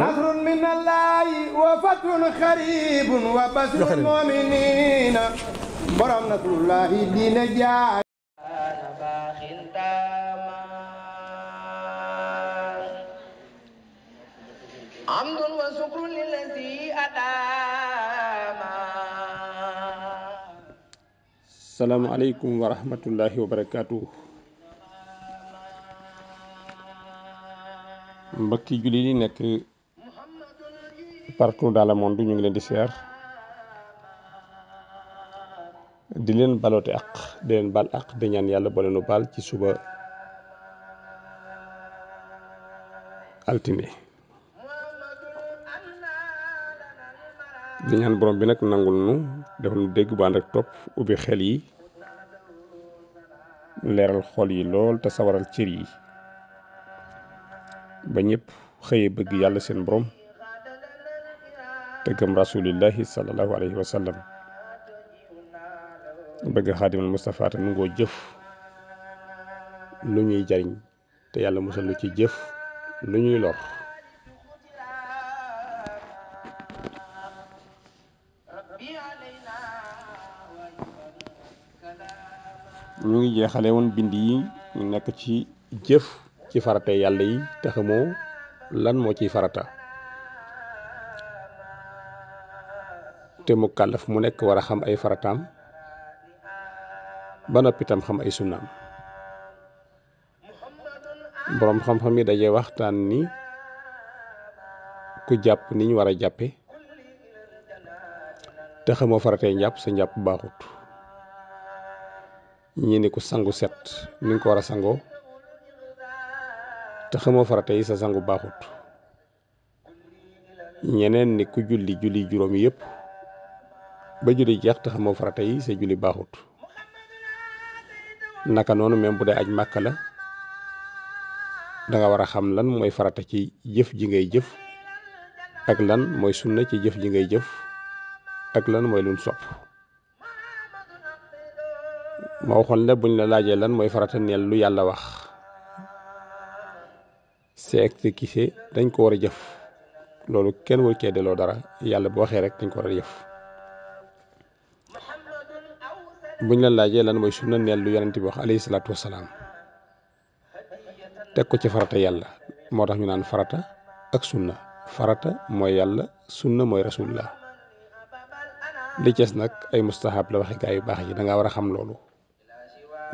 nasrun min allahi wa fatun xaribun wa basrul muminina borom nasrullahi diina jaay amdun wa sukrun lillazi adama salaamaaleykum wa rahmatullahi wa barakaatu. mbokki julli yi parcours dans le monde ñu ngi leen di siyaar di leen baloté ak di leen bal ak di ñaan yalla bo nu bal ci suba altiné di ñaan borom bi nak nangul nu defal nu dégg bu ak top ubi xel yi leral xol yi lool te sawaral cër yi ba ñëpp bëgg yàlla seen borom te gëm rasulillahi sallallahu alayhi wa sallam bëgg xaadimal Moustapha te nangoo jëf lu ñuy jariñ te yàlla musal lu ci jëf lu ñuy lor ñu ngi jeexale woon bind yi ñu nekk ci jëf ci farata yàlla yi te xamoo lan moo ciy farata te mu kàllaf mu nek wara xam ay faratam ba nopi tam xam ay sunnam borom xam-xam mi dajé waxtan ni ku japp niñ war a jàppe te xamoo faratee njàpp sa baaxut ñi ni ko sangu set ni ko wara sango te xamoo farate sa sangu baaxut ñeneen ni ku julli julli juróom yépp ba julli jeex tax mo farata yi sa julli baxut naka nonu même budé aj makka la da nga wara xam lan moy farata ci jëf ji ngay jëf ak lan moy sunna ci jëf ji ngay jëf ak lan moy luñ sopp ma waxon la buñ la laajee lan moy farata neel lu yalla wax c'est exécuté dañ ko wara jëf kenn war cee delloo dara yalla bo waxee rek dañ ko wara jëf buñ la laajee lan mooy sunna neel lu yonent bi wax alayhi salaatu wasalaam teg ko ci farata yàlla moo tax ñu naan farata ak sunna farata mooy yàlla sunna mooy rasulullah li cees nag ay mustahab la waxi gaa yu baax yi dangaa war a xam loolu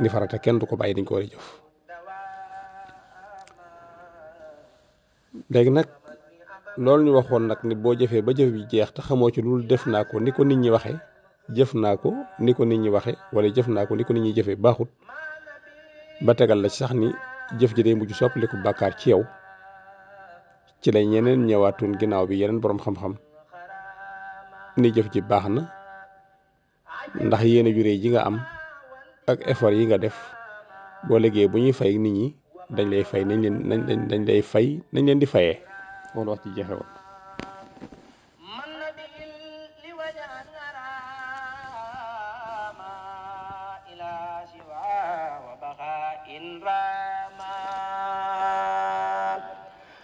ni farata kenn du ko bàyyi dañ ko war a jëf léegi nag loolu ñu waxoon nag ni boo jëfee ba jëf bi jeex te xamoo ci loolu def naa ko ni ko nit ñi waxee jëf naa ko ni ko nit ñi waxe wala jëf naa ko ni ko ni ñi jëfee baaxut ba tegal la sax ni jëf ji day mujj soppaliku bàkkaar ci yow ci la ñeneen ñëwaatoon ginaaw bi yeneen boroom xam-xam ni jëf ji baax na ndax yéen a ji nga am ak effort yi nga def boo liggéey bu ñuy fay nit ñi dañ lay fay nañ leen dañ dañ lay fay nañ leen di fayee loolu wax ci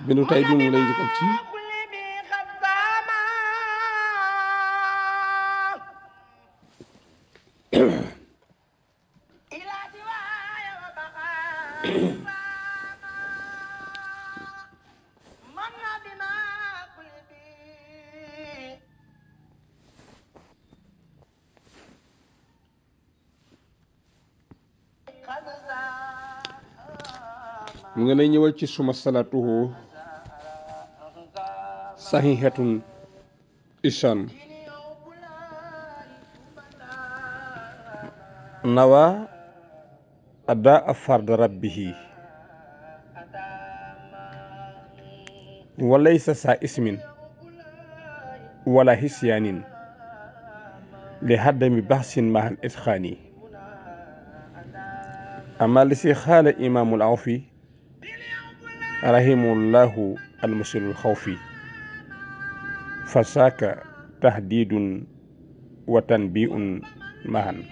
bindu tey bi mu ngi lay njëkkal ci mu ngi lay ñëwal ci suma salatuhu صحيحة إشان نوى أداء فرد ربه وليس سا اسم ولا هسيان لهدم بحث مع الإدخان أما لسي خال إمام العوفي رحم الله المسل الخوفي fa saaka tahdidun wa tanbiun mahan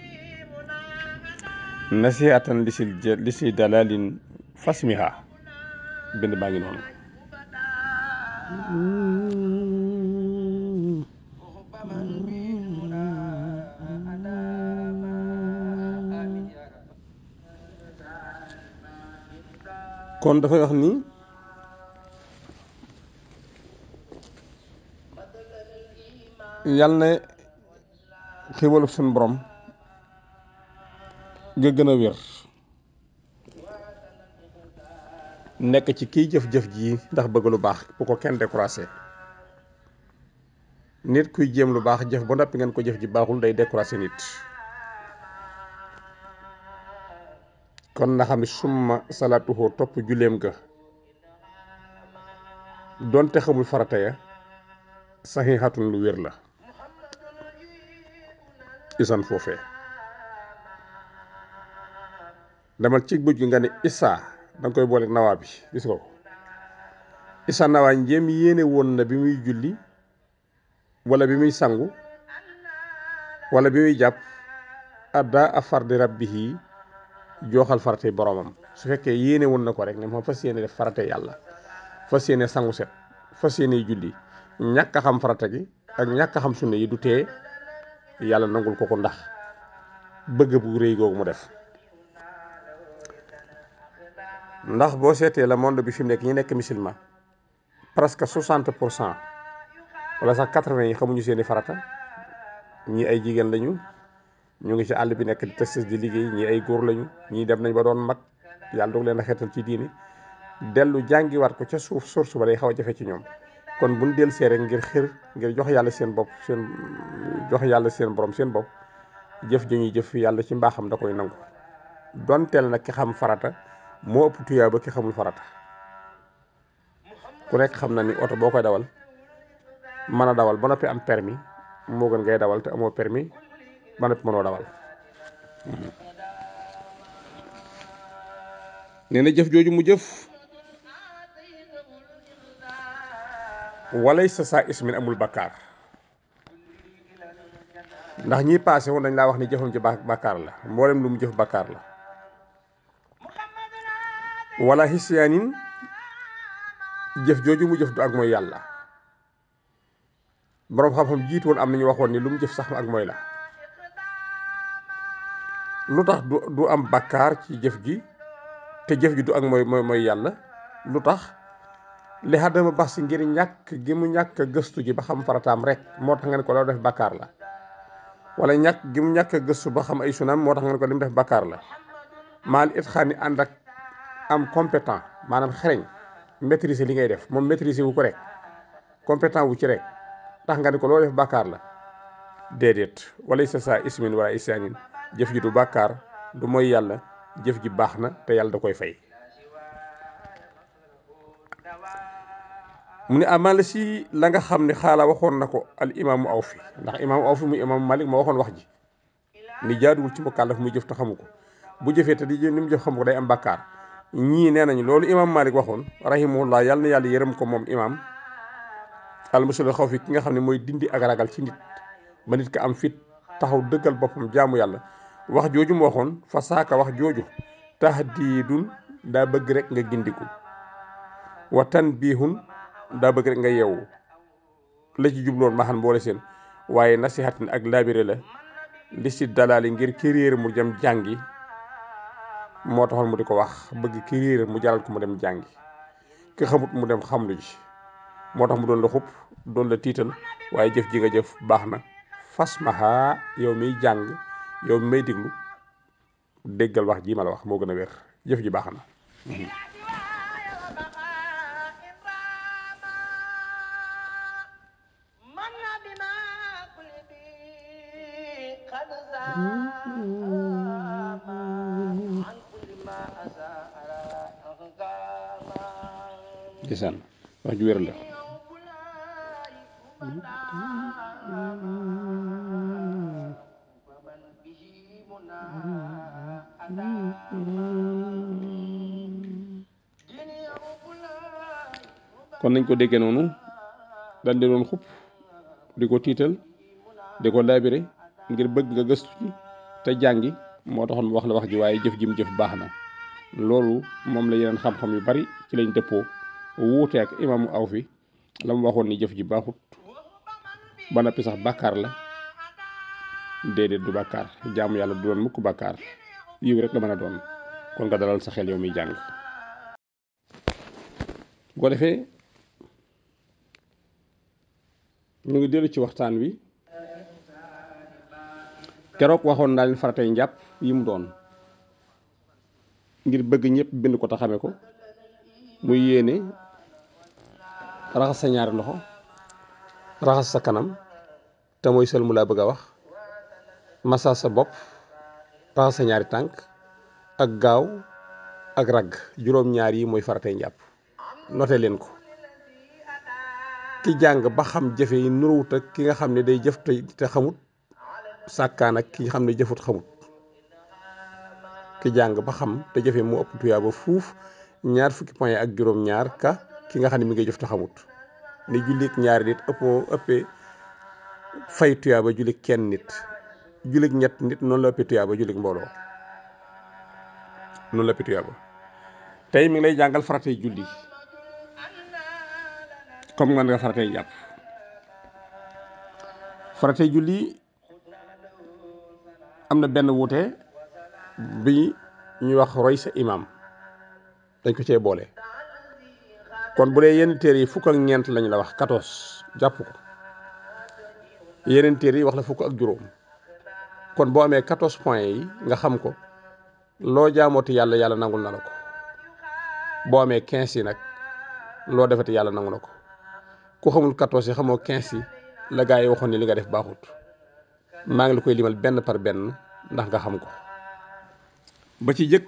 nasiatan li si li si dalalin fasmiha bind baa ngi noonu kon dafay wax ni Yalne xewal sun borom nga gëna wër nek ci ki jëf-jëf ji ndax bëgg lu baax bu ko kenn découragé nit kuy jëm lu baax jëf ba nopi ngeen ko jëf ji baaxul day découragé nit kon na xam summa salatuhu top julem ga donte xamul farata ya saxiixatun lu la isan foofee demal ci buj gi nga ne isaa danga koy boole nawaa bi gis nawaa njéem yéene woon na bi muy julli walla bi muy sangu wala bi muy jàpp adda a fardi rabbihi jooxal farate boromam su fekkee yéene woon na ko rek ne moom fas yéene def farate yàlla fas yéene sangu set fas yéene julli ñàkk a xam farata gi ak ñàkk a xam sunna yi du tee yàlla nangul ko ko ndax bëgg bu rëy googu mu def ndax boo seetee la monde bi fi mu nekk ñi nekk musulman presque soixante pour cent wala sax quatre-vingts yi xamuñu seeni farata ñii ay jigéen lañu ñu ngi ci àll bi nekk di testis di liggéey ñi ay góor lañu ñi dem nañ ba doon mag yàlla doog leen a xeetal ci diini dellu jàngiwaat ko ca suuf source ba day xaw a jafe ci ñoom kon buñ del see rek ngir xir ngir jox yàlla seen bopp seen jox yàlla seen borom seen bopp jëf dañuy jëf yàlla ci mbaaxam da koy nangu donteel nag ki xam farata moo ëpp tuyaa xamul farata ku nekk xam na ni oto boo koy dawal mën a dawal ba noppi am permis moo gën ngay dawal te amoo permis ba mënoo dawal jëf jooju mu jëf walay sa saa ismin amul bakkaar ndax ñii paase woon dañ laa wax ni jëfam ci bakkaar la mboolem lu mu jëf bakkaar la wala hisyaanin jëf jooju mu jëf du ak mooy yàlla boroom xam-xam jiit woon am nañu waxoon nii lu mu jëf sax ak mooy la lu tax du am bakkaar ci jëf gi te jëf gi du ak mooy mooy mooy yàlla lu tax li xadama bax si ngir ñàkk gi mu ñàkk gëstu ji ba xam farataam rek moo tax nga ne ko loo def bakkaar la wala ñàkk gi mu ñàkk gëstu ba xam ay sunam moo tax nga ne ko li mu def bakkaar la maa it xaan ni ànd ak am compétent maanaam xereñ maîtriser li ngay def moom maîtriser wu ko rek compétent wu ci rek tax nga ne ko loolu def bakkaar la déedéet wala sa saa ismin wala isaanin jëf ji du bakkaar du mooy yàlla jëf ji baax na te yàlla da koy fay mu ne amaan ah, la si la nga xam ne xaala waxoon na ko al imaamu aw fi ndax imaamu aw fi muy imaamu malik ma waxoon wax ji ni jaaduwul ci fu muy jëf te xamu ko bu jëfee te di ni mu jëf xamu ko day am bàkkaar ñii nee nañ loolu imaamu malik waxoon rahimahullah yàlla na yàlla yërëm ko moom imaam al musul xaw fi ki nga xam ne mooy dindi ak ci nit ba nit ka am fit taxaw dëggal boppam jaamu yàlla wax jooju mu waxoon fa saaka wax jooju tahdidun daa bëgg rek nga gindiku wa daa bëgg rek nga yeewu la ci jubloon ma xam boole seen waaye nasihatin ak laabire la li si dalaali ngir kiriir mu dem jàngi moo taxoon mu di ko wax bëgg kiriir mu jaral ko mu dem jàngi ki xamut mu dem xam lu ji moo tax mu doon la xub doon la tiital waaye jëf ji nga jëf baax na fas maha yow miy jàng yow mi may diglu déggal wax jii ma la wax moo gën a wér jëf ji baax na ndeysaan wax ju wér la kon nañ ko déggee noonu dañ di doon xupp di ko tiital di ko laabire ngir bëgg nga gëstu ci te jàngi moo taxoon wax la wax ji waaye jëf jim jëf baax na loolu moom la yeneen xam-xam yu bari ci lañ dëppoo wuute ak imaamu aw fi la mu waxoon ni jëf ji baaxut ba noppi sax bàkkaar la déedéet du bàkkaar jaamu yàlla du doon mukk bàkkaar yiw rek la mën a doon kon nga dalal sa xel yow miy jàng bu ko defee ñu ngi dellu ci waxtaan wi keroog waxoon naa leen faratay njàpp yi mu doon ngir bëgg ñëpp bind ko te xame ko muy yéene raxas sa ñaari loxo raxas sa kanam te mooy mu laa bëgg a wax massa sa bopp raxas sa ñaari tànk ak gaaw ak ragg juróom-ñaar yi mooy faratey njàpp note leen ko ki jàng ba xam jëfe yi nuruwut ak ki nga xam ne day jëf te xamut sàkkaan ki nga xam ne jëfut xamut ki jàng ba xam te jëfe mu ëpp tuyaaba fuuf ñaar fukki point ak juróom-ñaar ka ki nga xam ne mi ngi jëf te xamut ni jullit ñaari nit ëppoo ëppee fay tuyaaba jullit kenn nit jullit ñett nit noonu la ëppee tuyaaba jullit mbooloo noonu la ëppee tuyaaba tey mi ngi lay jàngal faratay julli comme man nga jàpp faratay julli am na benn wuute bi ñuy wax roy sa imaam dañ ko cee boole kon bu dee yenn téere yi fukk ak ñeent lañ la wax quatorze jàpp ko yeneen téere yi wax la fukk ak juróom kon boo amee quatorze points yi nga xam ko loo jaamooti yàlla yàlla nangul na la ko boo amee quinze yi nag loo defati yàlla nangu na ko ku xamul quatorze yi xamoo quinze yi la gaa yi waxoon ni li nga def baaxut maa ngi lu koy limal benn par benn ndax nga xam ko ba ci jëkk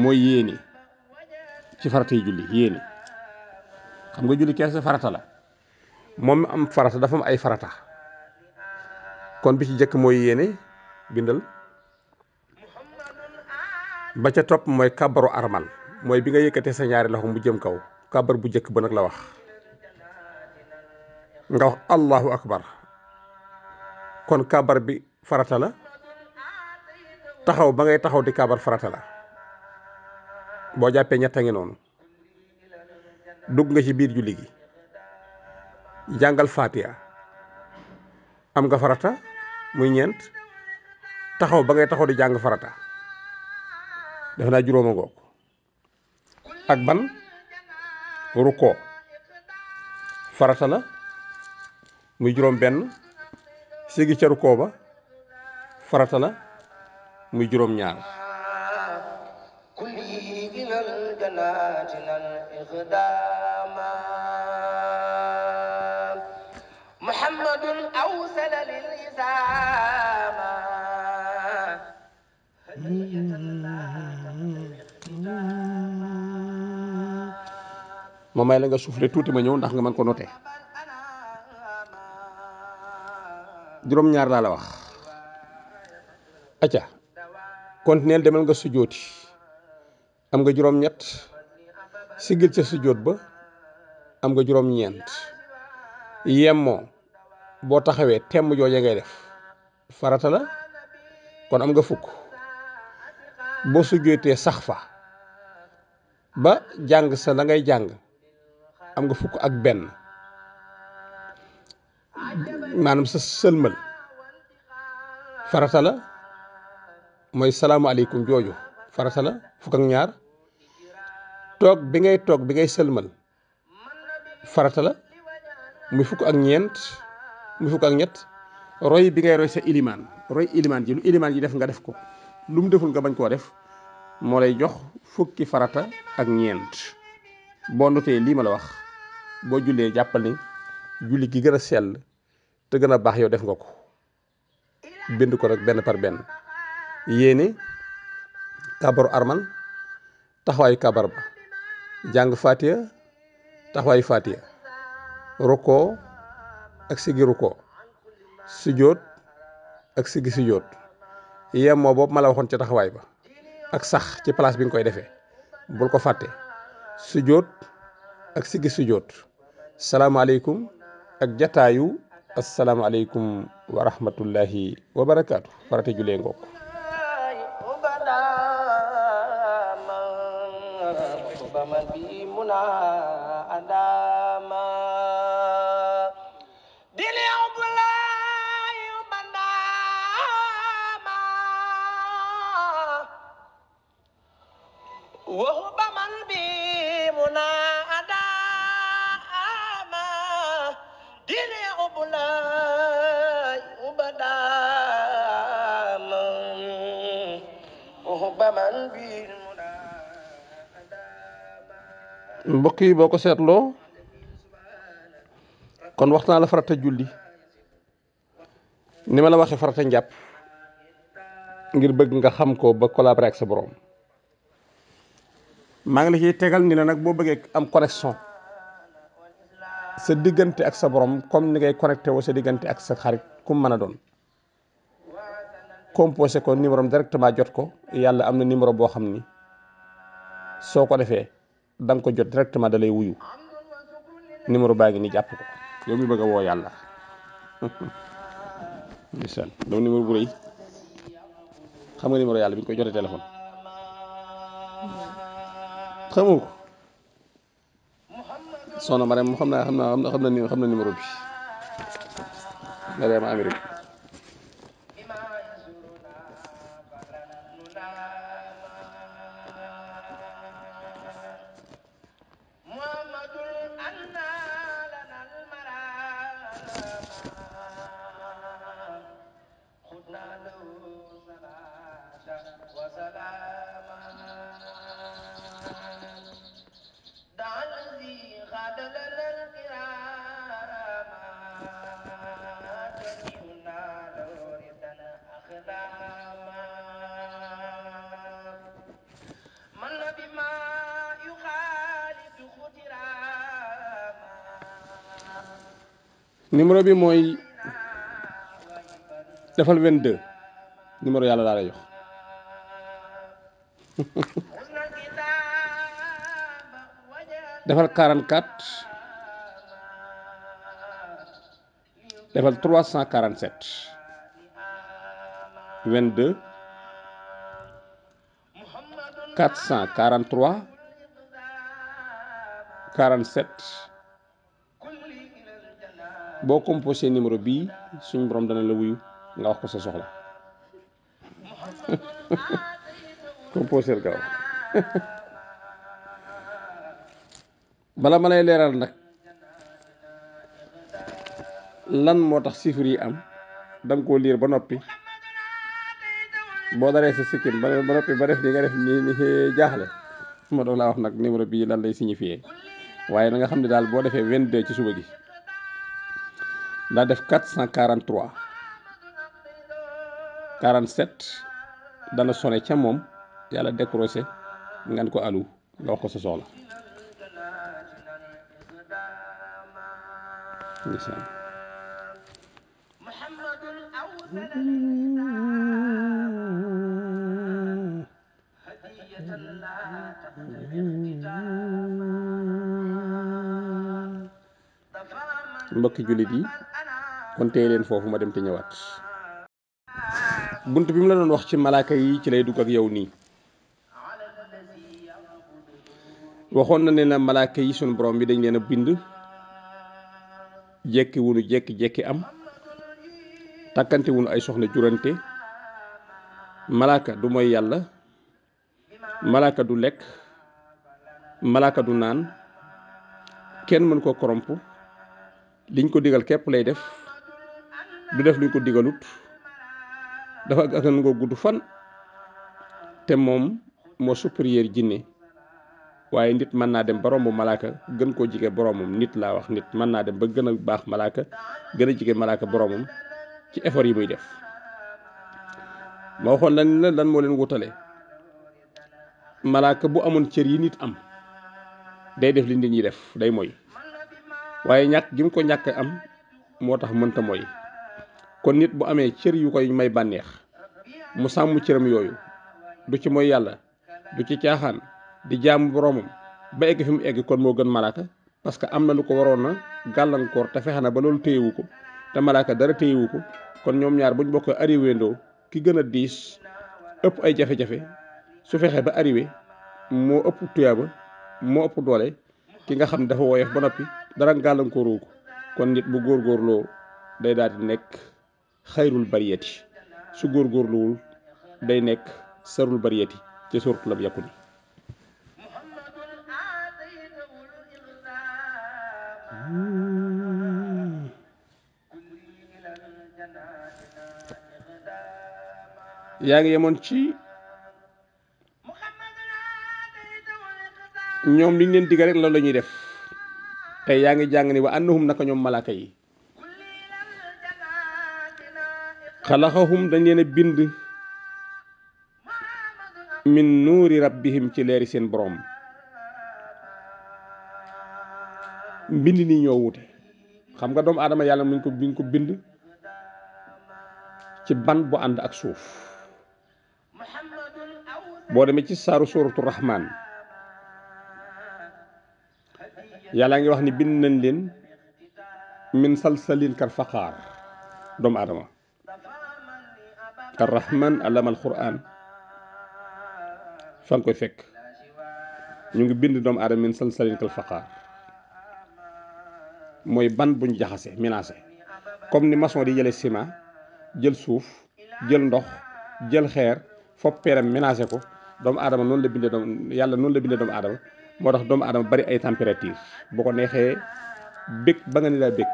mooy yéene ci farata yi julli xam nga julli kees farata la moom mi am farata dafa am ay farata kon bi ci jëkk mooy yéene bindal ba ca topp mooy kabaru armal mooy bi nga yëkkatee sa ñaari loxo mu jëm kaw kabar bu jëkk ba nag la wax nga wax allahu akbar kon kabar bi farata la taxaw ba ngay taxaw di kàbbar farata la bo jappé ñetta ngi non dug nga ci biir julli gi jangal fatia am nga farata muy ñent taxaw ba ngay taxaw di jang farata defe naa juróoma ngoog ak ban ruko farata la muy juroom ben sigi ci ruko ba farata la muy juroom ñaar أقداما محمد أوسل may la nga soufflé tuuti ma ñëw ndax nga man ko noté juróom-ñaar laa la wax acca continuel demal nga sujooti am nga juróom-ñett siggil ca jóot ba am nga juróom-ñeent yemmoo boo taxawee temb jooje ngay def farata la kon am nga fukk boo sujjóotee sax fa ba jàng sa la ngay jàng am nga fukk ak benn maanaam sa sëlmal farata la mooy salaamu aleykum jooju farata la fukk ñaar tok bi ngay tok bi ngay sëlmal farata la muy fukk ak ñent muy fukk ak ñet roy bi ngay roy sa iliman, roy iliman ji iliman ilimaan ji def nga def ko lum deful nga bañ ko def mo lay jox fukki farata ak ñent bo lima li ma la wax bo jullee jappal ni julli gi gëna sel te gëna bax yow def nga ko bind ko rek ben par ben yene kabar arman taxway kabar ba jàng fatiha taxawaayu fatiha rukkoo ak sigi rukkoo sujjóot ak sigi sujjóot yem moo boobu waxoon ci taxawaay ba ak sax ci place bi nga koy defee bul ko fàtte sujjóot ak sigi sujjóot salaamaaleykum ak jataayu asalaamaaleykum wa rahmatullahi wa barakaatu farate julee ngook حب من به منى أداما دلي أبلاي بناما وهب من به منى أداما دلي أبلاي بناما وهب من به mbokk yi boo ko seetloo kon wax naa la farata julli ni ma la waxee farata njàpp ngir bëgg nga xam ko ba collaborer ak sa borom maa ngi la ciy tegal ni la nag boo bëggee am connexion sa diggante ak sa borom comme ni ngay connecté woo sa diggante ak sa xarit ku mën a doon composé ko numéro directement jot ko yàlla am na numéro boo xam ni soo ko defee da ko jot directement da lay wuyu numéro baa ngi ni jàpp ko yow mi bëgg a woo yàlla ndeysaan dama bu rëy xam nga numéro yàlla bi ñu koy jotee téléphone xamoo ko soxna Mariam xam naa xam naa xam na numéro bi Mariam Amérique numéro bi mooy defal 22 numéro yàlla laa lay jox defal 44 defal 347 22 443 47 boo composé numéro bii suñ borom dana la wuyu nga wax ko sa soxla composé gaaw bala ma lay leeral nag lan moo tax chiffres yi am danga koo liir ba noppi boo daree sa sikkim ba noppi ba def ni nga def ni ni jaaxle su ma doon laa wax nag numéro bii lan lay signifié waaye na nga xam ne daal boo defee 22 ci suba gi nda def 443 47 dana soné ca mom yalla décroché ngan ko alu nga wax ko sa soxla yi kon téye leen foofu ma dem te ñëwaat bunt bi mu la doon wax ci malaaka yi ci lay dugg ak yow nii waxoon na ne la malaaka yi suñu borom bi dañ leen a bind jekki wunu jekki jekki am takkante wunu ay soxna jurante malaaka du mooy yàlla malaaka du lekk malaaka du naan kenn mën ko koromp liñ ko digal képp lay def du def luñ ko digalut dafa ak akan ngoo gudd fan te moom moo supérieur jinne waaye nit mën naa dem ba romb malaaka gën koo jige boromam nit laa wax nit mën naa dem ba gën a baax malaaka gën a jige malaaka boromam ci effort yi muy def ma waxoon lan la lan moo leen wutale malaaka bu amoon cër yi nit am day def li nit ñi def day moy waaye ñàkk gi mu ko ñàkk am moo tax mënta moy kon nit bu amee cër yu koy may bànneex mu sàmm cëram yooyu du ci mooy yàlla du ci caaxaan di jaamu boroomam ba egg fi mu egg kon moo gën malaaka parce que am na lu ko waroon na gàllankoor te fexe na ba loolu téyewu ko te malaaka dara téyewu ko kon ñoom ñaar buñ bokkee arrivé ndoo ki gën a diis ëpp ay jafe-jafe su fexe ba arrivé moo ëpp tuyaaba moo ëpp doole ki nga xam ne dafa woyof ba noppi dara gàllankooru ko kon nit bu góor góorloo day daal di nekk. Khairul bariyati su góorgóorluwul day nek sarul bariyati ci sortu lam yakul ni yaa ngi yemoon ci ñoom liñ leen digal rek loolu la def tay yaangi jang ni wa annahum naka ñoom malaaka yi xalaxahum dañ leen a bind min nuuri rabbihim ci leeri seen boroom mbind nii ñoo wute xam nga doomu aadama yàlla muñ ko biñ ko bind ci ban bu ànd ak suuf boo demee ci saaru suuratu rahmaan yàlla ngi wax ni bind nañ leen min salsalin kar faqaar doomu aadama arrahman allama alquran fa nga koy fekk ñu ngi bind doomu aadama min salsalin kal faqaar mooy ban buñ jaxase menacé comme ni maçon di jële ciment jël suuf jël ndox jël xeer fopp peeram menacé ko doomu aadama noonu la bindee doomu yàlla noonu la bindee doomu aadama moo tax doomu aadama bari ay température boo ko neexee bëgg ba nga ni laa bëgg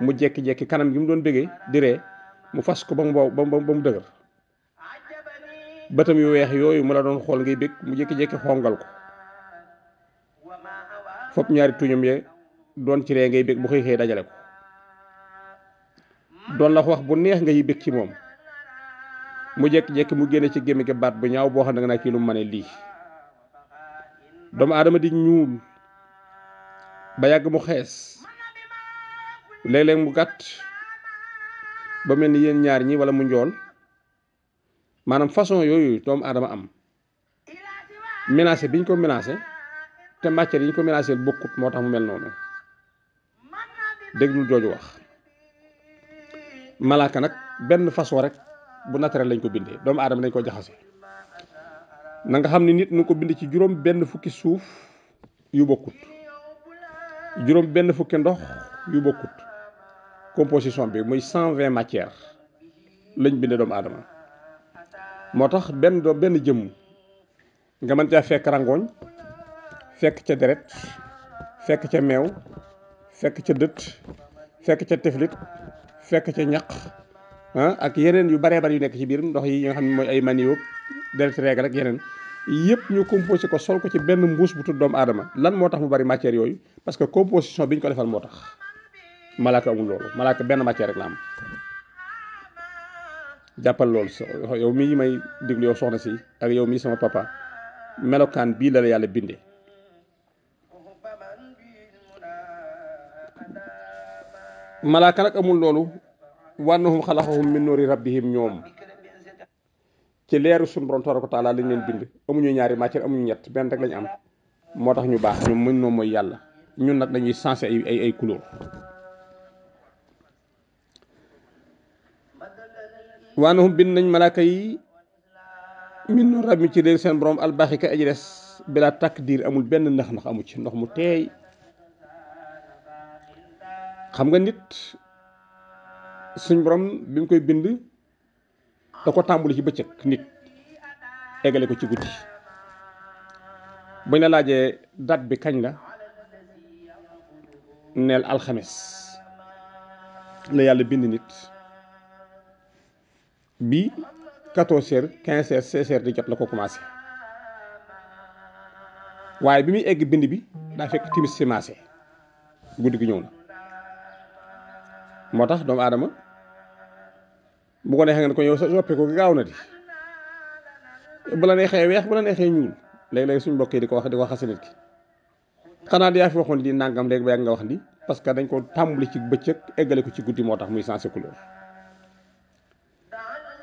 mu jekki-jekki kanam gi mu doon bëggee di ree mu fas ko ba mu ba mu ba mu dëgër bëtam yu weex yooyu mu la doon xool ngay bég mu jékki-jékki xongal ko fop ñaari tuñum ye doon ci ree ngay bég bu xëy xëy dajale ko doon la wax bu neex ngay bég ci moom mu jékki-jékki mu génne ci gémmi gi baat bu ñaaw boo xam ne nga naa kii lu mane lii doomu aadama di ñuul ba yàgg mu xees léeg-léeg mu gàtt ba mel ni yéen ñaar ñi wala mu njool maanaam façon yooyu doomu aadama am menacé biñ ko menacé te matière yiñ ko menacé bokkut moo tax mu mel noonu déglul jooju wax malaaka nag benn façon rek bu naturel lañ ko bindee doomu aadama dañ ko jaxase na nga xam ne nit ñu ko bind ci juróom benn fukki suuf yu bokkut juróom benn fukki ndox yu bokkut composition bi muy cent vingt matières lañ bindee doomu aadama moo tax benn doo benn jëmm nga mën caa fekk rangooñ fekk ca deret fekk ca meew fekk ca dët fekk ca teflit fekk ca ñaq ah, ak yeneen yu baree bari yu nekk ci biir ndox yi nga xam ne mooy ay manioc deret règle ak yeneen yëpp ñu composé ko sol ko ci benn mbuus bu tudd doomu aadama lan moo tax mu bari matière yooyu parce que composition bi ñu ko defal moo tax malaka amul lolu malaka ben matière rek la am jàppal lolu yow mi may diglu yow soxna si ak yow mi sama papa melokan bi la la yàlla bindee malaaka nag amul lolu wanhum xalaxahum min noori rabbihim ñom ci leeru sun borom ko taala lañ leen bind ñu ñaari matière ñu ñett ben rek lañ am motax ñu baax ñu ñun nak dañuy sensé ay ay couleur waanahum bind nañ malaaka yi min nu rab mi ci réer seen boroom albaxi ka aji des bilaa takk diir amul benn ndax ndax amu ci ndox mu teey xam nga nit suñ borom bi mu koy bind da ko tàmbali ci bëccëg nit eggale ko ci guddi buñ la laajee date bi kañ la neel alxames la yàlla bind nit bi 14 heures 15 heures 16 di jot la ko commencé waaye bi muy egg bind bi daa fekk timis simaase guddi gi ñëw na moo tax doomu aadama bu ko neexee ngeen ko ñëw sa soppi ko gaaw na di bu la neexee weex bu la neexee ñuul léeg-léeg suñu mbokk di ko wax di ko xase nit ki xanaa di yaa fi waxoon di nangam léegi ba yàgg nga wax di parce que dañ ko tàmbali ci bëccëg eggale ko ci guddi moo tax muy sensé couleur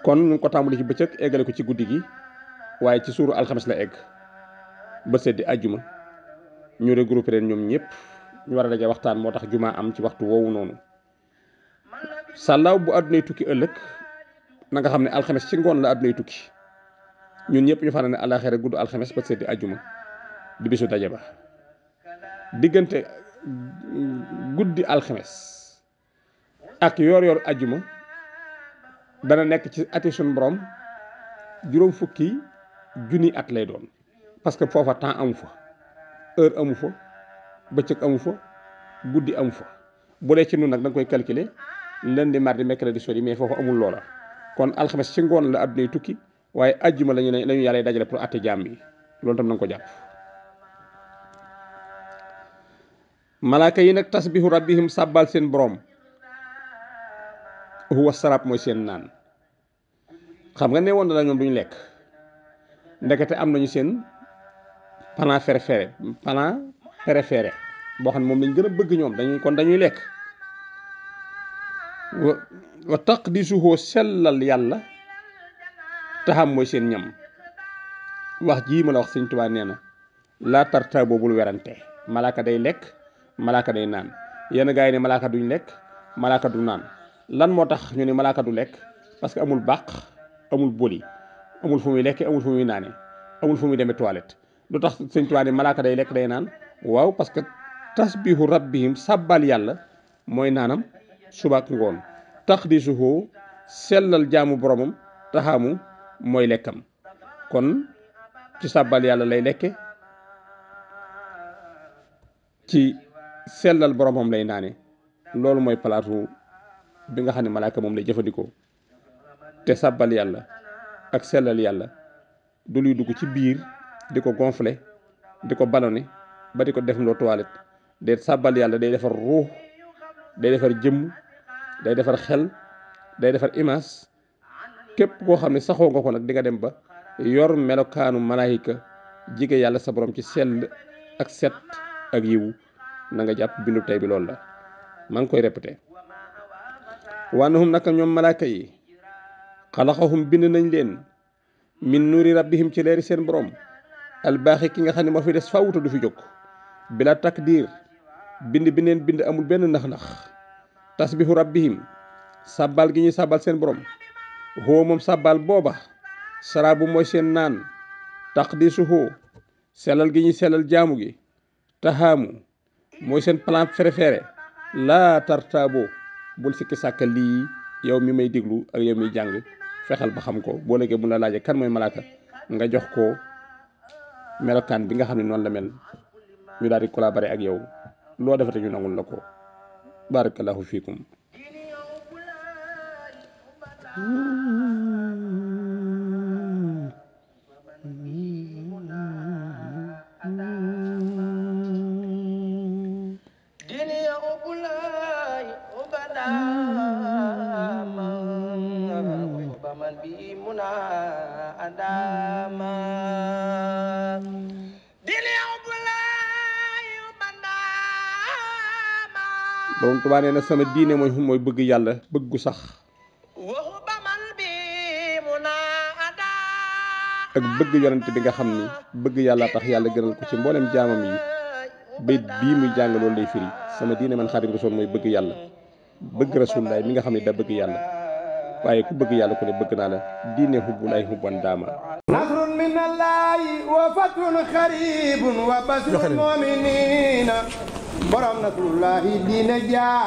kon ñu ko tambali ci bëcëk égalé ko ci guddi gi waaye ci suuru alxames la egg ba seddi aljuma ñu regrouper leen ñom ñëpp ñu wara dajé waxtaan motax juma am ci waxtu woow nonu sàllaaw bu adné tukki ëlëk na nga xamné ne alxames ci ngon la adné tukki ñun ñëpp ñu fanaane alaxira gudd alxames ba seddi ajjuma di bisu dajé ba digënté guddi ak yor yor aljuma dana nekk ci ati suñu borom juróom fukki junni at lay doon parce que foofa temps amu fa heure amu fa bëccëg amu fa guddi amu fa bu dee ci nun nag da nga koy calculer lundi mardi mercredi jeudi mais foofa amul loola kon alxames ci ngoon la addunay tukki waaye ajjuma lañu ne lañu yàlla dajale pour atte jaam bi loolu tam na nga ko jàpp malaaka yi nag tasbihu rabbihim sàbbal seen borom huwa sarap moy sen nan xam nga newon woon na buñ lek amno ndekete am nañu sen pana fere fere pana fere fere bo xam mom lañu gëna bëgg ñom dañu kon dañuy lek wa taqdisuhu sallal yalla taham moy sen ñam wax ji ma la wax señ tuba neena la tarta bobul werante malaka day lek, malaka day nan. yenn gaa ni malaka malaaka duñ lek malaka du nan lan moo tax ñu ne malaaka du lekk parce que amul bàq amul boli amul fu muy lekke amul fu muy naane amul fu muy demee toilette lu tax sëñ Tuubaa ne malaaka day lekk day naan waaw parce que tasbihu rabbihim sàbbal yàlla mooy naanam subaak ngoon taxdisuhu sellal jaamu boromam taxaamu mooy lekkam kon ci sàbbal yàlla lay lekke ci sellal boromam lay naane loolu mooy palaatu bi nga xam ne malaaka moom lay jëfandikoo te sàbbal yàlla ak sellal yàlla du luy dugg ci biir di ko gonfler di ko ballonné ba di ko def loo toilette day sàbbal yàlla day defar ruux day defar jëmm day defar xel day defar image képp koo xam ne saxoo nga ko nag di nga dem ba yor melokaanu malaayika jige yàlla sa borom ci sell ak set ak yiwu na nga jàpp bindu tey bi loolu la maa ngi koy répété wanhum nak ñom malaaka yi khalaqahum bin nañ leen min nuri rabbihim ci leer seen borom albaaxi ki nga xam mo fi des fawuta du fi jóg bila takdir bind bi neen bind amul ben nax-nax tasbihu rabbihim sabbal gi ñi sabbal seen borom ho mom sabbal boba sarabu moy seen naan taqdisuhu selal gi ñi selal jaamu gi tahamu moy seen plan fere la tartabu bul sikki sàkka lii yow mi may déglu ak yow miy jàng fexeel ba xam ko boo léegi bu la laajee kan mooy malaaka nga jox ko melokaan bi nga xam ne noonu la mel ñu daal di collaborer ak yow loo defete ñu nangul la ko barakallahu fiikum borom Tuubaa na sama diine mooy mooy bëgg yàlla bëggu sax ak bëgg yonent bi nga xam ni bëgg yàlla tax yàlla gënal ko ci mboolem jaamam yi bayit bii muy jàng loolu lay firi sama diine man Xaadimu Rasuul mooy bëgg yàlla bëgg Rasuulullaay mi nga xam ne da bëgg yàlla waaye ku bëgg yàlla ku ne bëgg naa la diine hubbulaay hubban daama nasrun minallaahi wa fathun xariibun wa basrul mu'miniina borom nasrullahi diina jaa